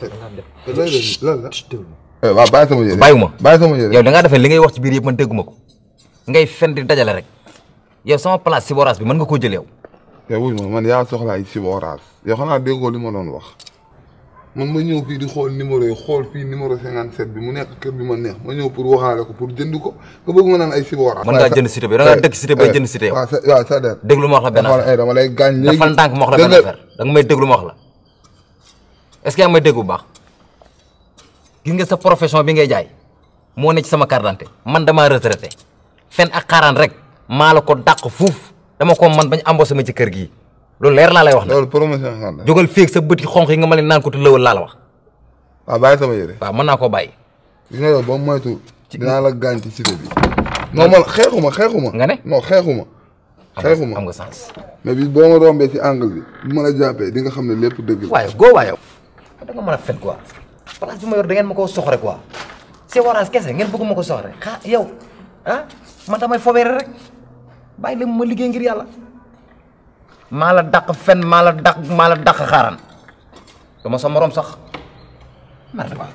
loolu la waaw bàyyi sama yére bàyyiwuma bàyyi sama yére yow da ngaa defee li ngay wax ci biir yëpp man dégguma ko ngay fen di dajale rek yow sama place si boraas bi mën nga koo jël yow yow wuy ma man yaa soxlaay si boraas yow xanaa déggoo li ma doon wax man ma ñëw fii di xool numéro yi xool fii numéro 57 bi mu nekk kër bi ma neex ma ñëw pour waxaale ko pour jënd ko nga bëgg ma naan ay Sibora. mën ngaa jënd cité bi da ngaa dëkk cité bay jënd cité yow. est-ce que yaa may dégg bu baax gis nga sa profession bi ngay jaay moo ne ci sama carte man damaa retraité fen ak xaaraan rek maa la ko dàq fuuf dama ko man bañ embauché ma ci kër gii loolu leer laa lay wax. loolu promotion la jógal féeg sa bët yi xonq yi nga ma leen laa la wax. waaw naa koo bàyyi. gis nga yow ba am nga sens. mais bi boo ma rombee ci angle bi bu ma la jàppee di nga xam ne lépp dëgg waaye góobaa yow. da nga mën a fen quoi place bi ma yor da ngeen ma koo soxore quoi c'est Orange kese ngeen bëgg ma ko soxore xa yow ah man damay fobeere rek bàyyi leen ma liggéey ngir yàlla maa la dàq fen maa la dàq maa la dàq xaaran du ma sa morom sax mer quoi